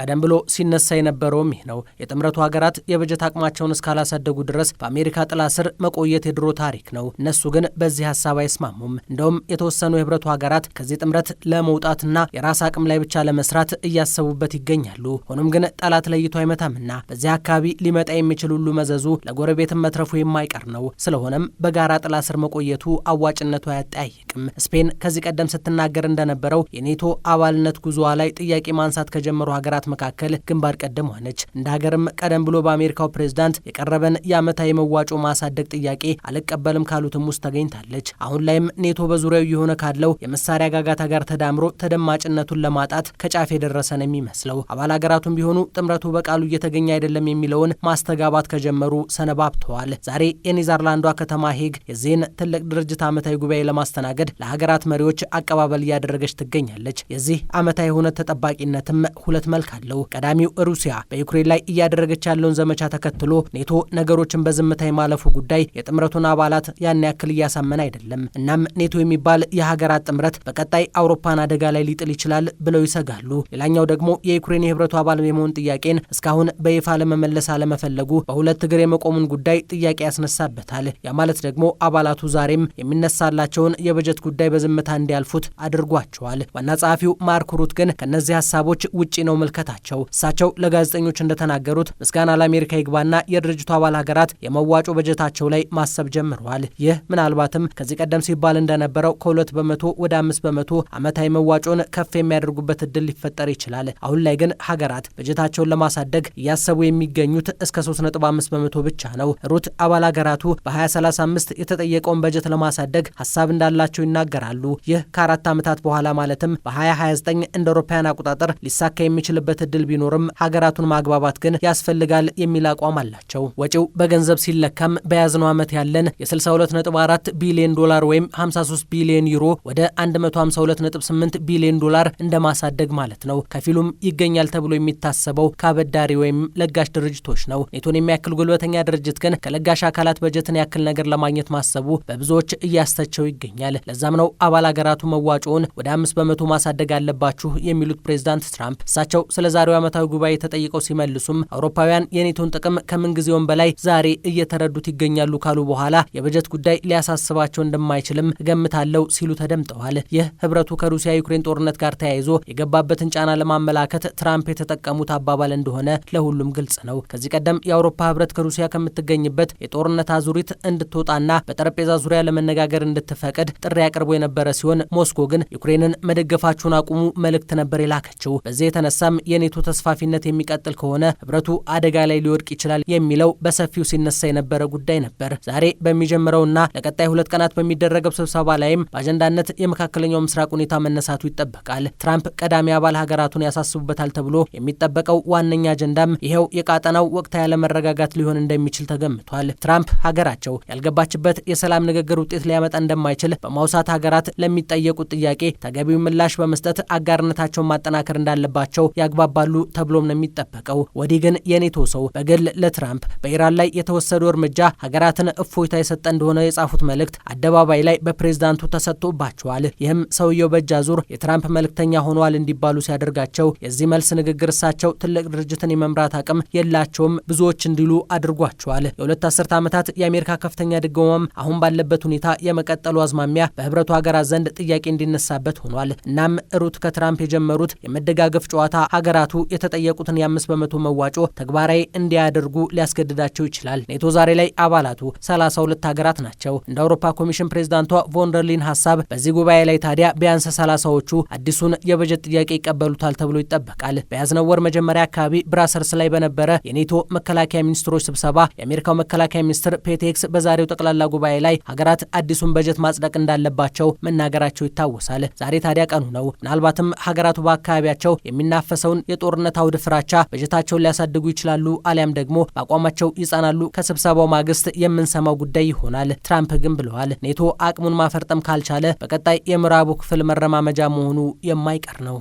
ቀደም ብሎ ሲነሳ የነበረውም ይህ ነው። የጥምረቱ ሀገራት የበጀት አቅማቸውን እስካላሳደጉ ድረስ በአሜሪካ ጥላ ስር መቆየት የድሮ ታሪክ ነው። እነሱ ግን በዚህ ሀሳብ አይስማሙም። እንደውም የተወሰኑ የህብረቱ ሀገራት ከዚህ ጥምረት ለመውጣትና የራስ አቅም ላይ ብቻ ለመስራት እያሰቡበት ይገኛሉ። ሆኖም ግን ጠላት ለይቶ አይመታምና በዚህ አካባቢ ሊመጣ የሚችል ሁሉ መዘዙ ለጎረቤትም መትረፉ የማይቀር ነው። ስለሆነም በጋራ ጥላ ስር መቆየቱ አዋጭነቱ አያጠያይቅም። ስፔን ከዚህ ቀደም ስትናገር እንደነበረው የኔቶ አባልነት ጉዞዋ ላይ ጥያቄ ማንሳት ከጀመሩ ሀገራት መካከል ግንባር ቀደም ሆነች። እንደ ሀገርም ቀደም ብሎ በአሜሪካው ፕሬዝዳንት የቀረበን የዓመታዊ መዋጮ ማሳደግ ጥያቄ አልቀበልም ካሉትም ውስጥ ተገኝታለች። አሁን ላይም ኔቶ በዙሪያው የሆነ ካለው የመሳሪያ ጋጋታ ጋር ተዳምሮ ተደማጭነቱን ለማጣት ከጫፍ የደረሰ ነው የሚመስለው። አባል ሀገራቱም ቢሆኑ ጥምረቱ በቃሉ እየተገኘ አይደለም የሚለውን ማስተጋባት ከጀመሩ ሰነባብተዋል። ዛሬ የኔዘርላንዷ ከተማ ሄግ የዚህን ትልቅ ድርጅት ዓመታዊ ጉባኤ ለማስተናገድ ለሀገራት መሪዎች አቀባበል እያደረገች ትገኛለች። የዚህ ዓመታዊ የሆነ ተጠባቂነትም ሁለት መልክ አለው። ቀዳሚው ሩሲያ በዩክሬን ላይ እያደረገች ያለውን ዘመቻ ተከትሎ ኔቶ ነገሮችን በዝምታ የማለፉ ጉዳይ የጥምረቱን አባላት ያን ያክል እያሳመነ አይደለም። እናም ኔቶ የሚባል የሀገራት ጥምረት በቀጣይ አውሮፓን አደጋ ላይ ሊጥል ይችላል ብለው ይሰጋሉ። ሌላኛው ደግሞ የዩክሬን የህብረቱ አባል የመሆን ጥያቄን እስካሁን በይፋ ለመመለስ አለመፈለጉ በሁለት እግር የመቆሙን ጉዳይ ጥያቄ ያስነሳበታል። ያ ማለት ደግሞ አባላቱ ዛሬም የሚነሳላቸውን የበጀት ጉዳይ በዝምታ እንዲያልፉት አድርጓቸዋል። ዋና ጸሐፊው ማርክ ሩት ግን ከእነዚህ ሀሳቦች ውጪ ነው ምልከ መመልከታቸው። እሳቸው ለጋዜጠኞች እንደተናገሩት ምስጋና ለአሜሪካ ይግባና የድርጅቱ አባል ሀገራት የመዋጮ በጀታቸው ላይ ማሰብ ጀምረዋል። ይህ ምናልባትም ከዚህ ቀደም ሲባል እንደነበረው ከሁለት በመቶ ወደ አምስት በመቶ አመታዊ መዋጮን ከፍ የሚያደርጉበት እድል ሊፈጠር ይችላል። አሁን ላይ ግን ሀገራት በጀታቸውን ለማሳደግ እያሰቡ የሚገኙት እስከ 3.5 በመቶ ብቻ ነው። ሩት አባል ሀገራቱ በ2035 የተጠየቀውን በጀት ለማሳደግ ሀሳብ እንዳላቸው ይናገራሉ። ይህ ከአራት ዓመታት በኋላ ማለትም በ2029 እንደ አውሮፓውያን አቆጣጠር ሊሳካ የሚችልበት የሚችልበት እድል ቢኖርም ሀገራቱን ማግባባት ግን ያስፈልጋል የሚል አቋም አላቸው። ወጪው በገንዘብ ሲለካም በያዝነው ዓመት ያለን የ62.4 ቢሊዮን ዶላር ወይም 53 ቢሊዮን ዩሮ ወደ 152.8 ቢሊዮን ዶላር እንደማሳደግ ማለት ነው። ከፊሉም ይገኛል ተብሎ የሚታሰበው ከአበዳሪ ወይም ለጋሽ ድርጅቶች ነው። ኔቶን የሚያክል ጉልበተኛ ድርጅት ግን ከለጋሽ አካላት በጀትን ያክል ነገር ለማግኘት ማሰቡ በብዙዎች እያስተቸው ይገኛል። ለዛም ነው አባል ሀገራቱ መዋጮውን ወደ አምስት በመቶ ማሳደግ አለባችሁ የሚሉት ፕሬዚዳንት ትራምፕ እሳቸው ስለ ዛሬው ዓመታዊ ጉባኤ ተጠይቀው ሲመልሱም አውሮፓውያን የኔቶን ጥቅም ከምንጊዜውም በላይ ዛሬ እየተረዱት ይገኛሉ ካሉ በኋላ የበጀት ጉዳይ ሊያሳስባቸው እንደማይችልም እገምታለሁ ሲሉ ተደምጠዋል። ይህ ህብረቱ ከሩሲያ ዩክሬን ጦርነት ጋር ተያይዞ የገባበትን ጫና ለማመላከት ትራምፕ የተጠቀሙት አባባል እንደሆነ ለሁሉም ግልጽ ነው። ከዚህ ቀደም የአውሮፓ ህብረት ከሩሲያ ከምትገኝበት የጦርነት አዙሪት እንድትወጣና በጠረጴዛ ዙሪያ ለመነጋገር እንድትፈቅድ ጥሪ አቅርቦ የነበረ ሲሆን ሞስኮ ግን ዩክሬንን መደገፋችሁን አቁሙ መልእክት ነበር የላከችው። በዚህ የተነሳም የኔቶ ተስፋፊነት የሚቀጥል ከሆነ ህብረቱ አደጋ ላይ ሊወድቅ ይችላል የሚለው በሰፊው ሲነሳ የነበረ ጉዳይ ነበር። ዛሬ በሚጀምረውና ለቀጣይ ሁለት ቀናት በሚደረገው ስብሰባ ላይም በአጀንዳነት የመካከለኛው ምስራቅ ሁኔታ መነሳቱ ይጠበቃል። ትራምፕ ቀዳሚ አባል ሀገራቱን ያሳስቡበታል ተብሎ የሚጠበቀው ዋነኛ አጀንዳም ይኸው የቃጠናው ወቅታዊ ያለመረጋጋት ሊሆን እንደሚችል ተገምቷል። ትራምፕ ሀገራቸው ያልገባችበት የሰላም ንግግር ውጤት ሊያመጣ እንደማይችል በማውሳት ሀገራት ለሚጠየቁት ጥያቄ ተገቢው ምላሽ በመስጠት አጋርነታቸውን ማጠናከር እንዳለባቸው ያግባ ይግባባሉ ተብሎም ነው የሚጠበቀው። ወዲህ ግን የኔቶ ሰው በግል ለትራምፕ በኢራን ላይ የተወሰዱ እርምጃ ሀገራትን እፎይታ የሰጠ እንደሆነ የጻፉት መልእክት አደባባይ ላይ በፕሬዝዳንቱ ተሰጥቶባቸዋል። ይህም ሰውየው በእጃ ዙር የትራምፕ መልእክተኛ ሆኗል እንዲባሉ ሲያደርጋቸው፣ የዚህ መልስ ንግግር እሳቸው ትልቅ ድርጅትን የመምራት አቅም የላቸውም ብዙዎች እንዲሉ አድርጓቸዋል። የሁለት አስርት ዓመታት የአሜሪካ ከፍተኛ ድጎማም አሁን ባለበት ሁኔታ የመቀጠሉ አዝማሚያ በህብረቱ ሀገራት ዘንድ ጥያቄ እንዲነሳበት ሆኗል። እናም ሩት ከትራምፕ የጀመሩት የመደጋገፍ ጨዋታ ሀገር ሀገራቱ የተጠየቁትን የአምስት በመቶ መዋጮ ተግባራዊ እንዲያደርጉ ሊያስገድዳቸው ይችላል። ኔቶ ዛሬ ላይ አባላቱ ሰላሳ ሁለት ሀገራት ናቸው። እንደ አውሮፓ ኮሚሽን ፕሬዚዳንቷ ቮንደርሊን ሀሳብ በዚህ ጉባኤ ላይ ታዲያ ቢያንስ ሰላሳዎቹ አዲሱን የበጀት ጥያቄ ይቀበሉታል ተብሎ ይጠበቃል። በያዝነው ወር መጀመሪያ አካባቢ ብራሰልስ ላይ በነበረ የኔቶ መከላከያ ሚኒስትሮች ስብሰባ የአሜሪካው መከላከያ ሚኒስትር ፔቴክስ በዛሬው ጠቅላላ ጉባኤ ላይ ሀገራት አዲሱን በጀት ማጽደቅ እንዳለባቸው መናገራቸው ይታወሳል። ዛሬ ታዲያ ቀኑ ነው። ምናልባትም ሀገራቱ በአካባቢያቸው የሚናፈሰውን የሚለውን የጦርነት አውድ ፍራቻ በጀታቸውን ሊያሳድጉ ይችላሉ አሊያም ደግሞ በአቋማቸው ይጸናሉ። ከስብሰባው ማግስት የምንሰማው ጉዳይ ይሆናል። ትራምፕ ግን ብለዋል፣ ኔቶ አቅሙን ማፈርጠም ካልቻለ በቀጣይ የምዕራቡ ክፍል መረማመጃ መሆኑ የማይቀር ነው።